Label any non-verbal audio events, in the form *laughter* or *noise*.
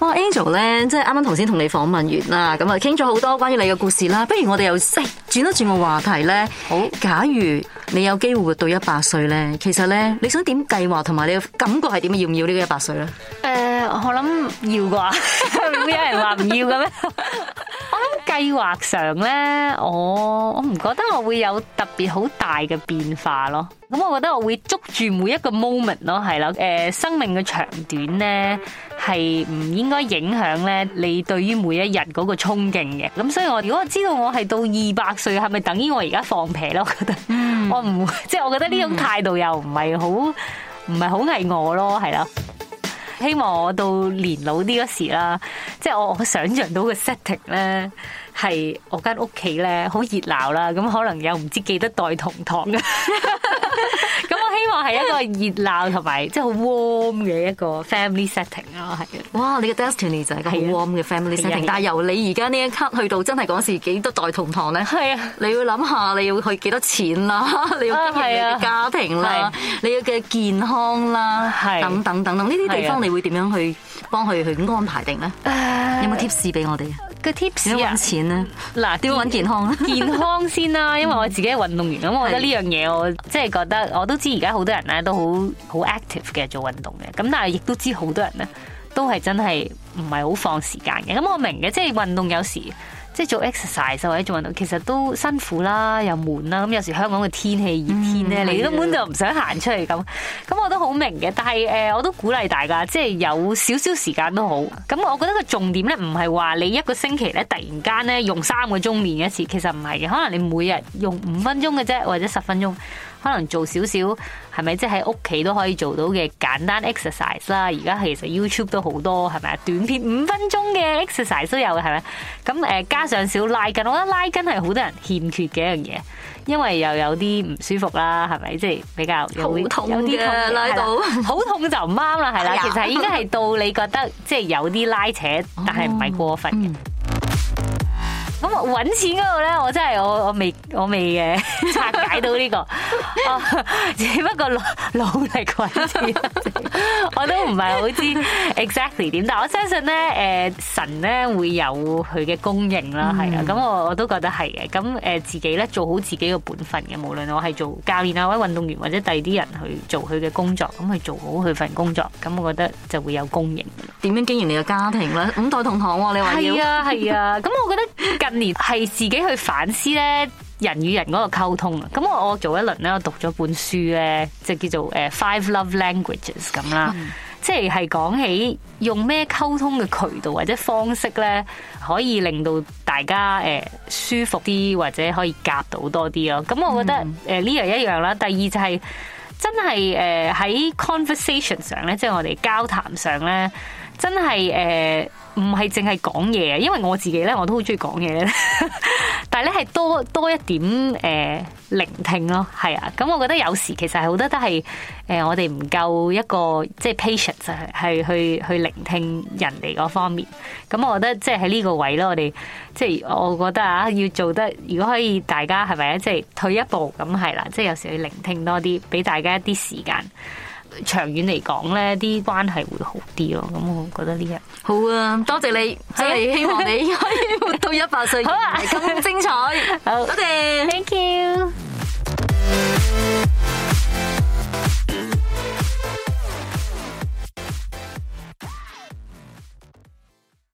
哇，Angel 咧，即係啱啱頭先同你訪問完啦，咁啊，傾咗好多關於你嘅故事啦。不如我哋又誒轉一轉個話題咧。好，假如你有機會活到一百歲咧，其實咧，你想點計劃同埋你嘅感覺係點啊？要唔要個呢個一百歲咧？誒、呃，我諗要啩， *laughs* 有人話唔要嘅咩？ *laughs* 計劃上咧，我我唔覺得我會有特別好大嘅變化咯。咁我覺得我會捉住每一個 moment 咯，係啦。誒，生命嘅長短咧係唔應該影響咧你對於每一日嗰個憧憬嘅。咁所以我如果知道我係到二百歲，係咪等於我而家放屁咯？我覺得我唔會即係，我覺得呢種態度又唔係好唔係好係我咯，係啦。希望我到年老啲時啦，即係我我想象到嘅 setting 咧，係我間屋企咧好熱鬧啦，咁可能有唔知幾多代同堂。 *laughs* 係一個熱鬧同埋即係好 warm 嘅一個 family setting 咯，係。哇，你嘅 destiny 就係一個 warm 嘅 family setting，但係由你而家呢一刻去到真係講是時幾多代同堂咧。係啊的，你要諗下你要去幾多錢啦，的你要經營你嘅家庭啦，的你要嘅健康啦，係的，等等等等呢啲地方的你會點樣去幫佢去安排定咧？的有冇 t 士 p 俾我哋？個 tips 啊，點揾錢咧？嗱，點揾健康咧？ *laughs* 健康先啦，啊，因為我自己係運動員咁，嗯、我覺得呢樣嘢我即係覺得，我都知而家好多人咧都好好 active 嘅做運動嘅，咁但係亦都知好多人咧都係真係唔係好放時間嘅。咁我明嘅，即係運動有時。即係做 exercise 或者做運動，其實都辛苦啦，又悶啦。咁有時香港嘅天氣熱天咧，嗯、你根本就唔想行出嚟咁。咁我都好明嘅，但係誒，我都鼓勵大家，即係有少少時間都好。咁我覺得個重點咧，唔係話你一個星期咧，突然間咧用三個鐘練一次，其實唔係嘅。可能你每日用五分鐘嘅啫，或者十分鐘。可能做少少，係咪即係喺屋企都可以做到嘅簡單 exercise 啦？而家其實 YouTube 都好多，係咪啊？短片五分鐘嘅 exercise 都有嘅，係咪？咁誒，加上少拉筋，我覺得拉筋係好多人欠缺嘅一樣嘢，因為又有啲唔舒服啦，係咪？即係比較好痛，有啲痛拉到，好痛就唔啱啦，係啦。有其實應該係到你覺得即係、就是、有啲拉扯，但係唔係過分嘅。嗯咁我搵錢嗰度咧，我真係我我未我未嘅 *laughs* 拆解到呢、這個， *laughs* 只不過努努力搵錢， *laughs* 我都唔係好知 exactly 點，但係我相信咧，誒、呃、神咧會有佢嘅供應啦，係啊，咁我我都覺得係嘅，咁誒自己咧做好自己嘅本分嘅，無論我係做教練啊或者運動員或者第二啲人去做佢嘅工作，咁去做好佢份工作，咁我覺得就會有供應。點樣經營你個家庭咧？五代同堂、啊、你話要？係啊係啊，咁我覺得。近年係自己去反思咧，人與人嗰個溝通。咁我我早一輪咧，我讀咗本書咧，即係叫做《誒 Five Love Languages》咁啦，嗯、即係係講起用咩溝通嘅渠道或者方式咧，可以令到大家誒舒服啲，或者可以夾到多啲咯。咁我覺得誒呢樣一樣啦。嗯、第二就係、是、真係誒喺 conversation 上咧，即、就、係、是、我哋交談上咧。真係誒，唔係淨係講嘢，因為我自己咧，我都好中意講嘢。 *laughs* 但係咧，係多多一點誒、呃、聆聽咯，係啊。咁我覺得有時其實好多都係誒、呃，我哋唔夠一個即係 patience 係係去去聆聽人哋嗰方面。咁我覺得即係喺呢個位咯，我哋即係我覺得啊，要做得如果可以，大家係咪啊？即係、就是、退一步咁係啦，即係、啊就是、有時去聆聽多啲，俾大家一啲時間。長遠嚟講咧，啲關係會好啲咯。咁我覺得呢日好啊！多謝你，即係希望你可以活到一百歲好啊，咁精彩。好，多謝，Thank you。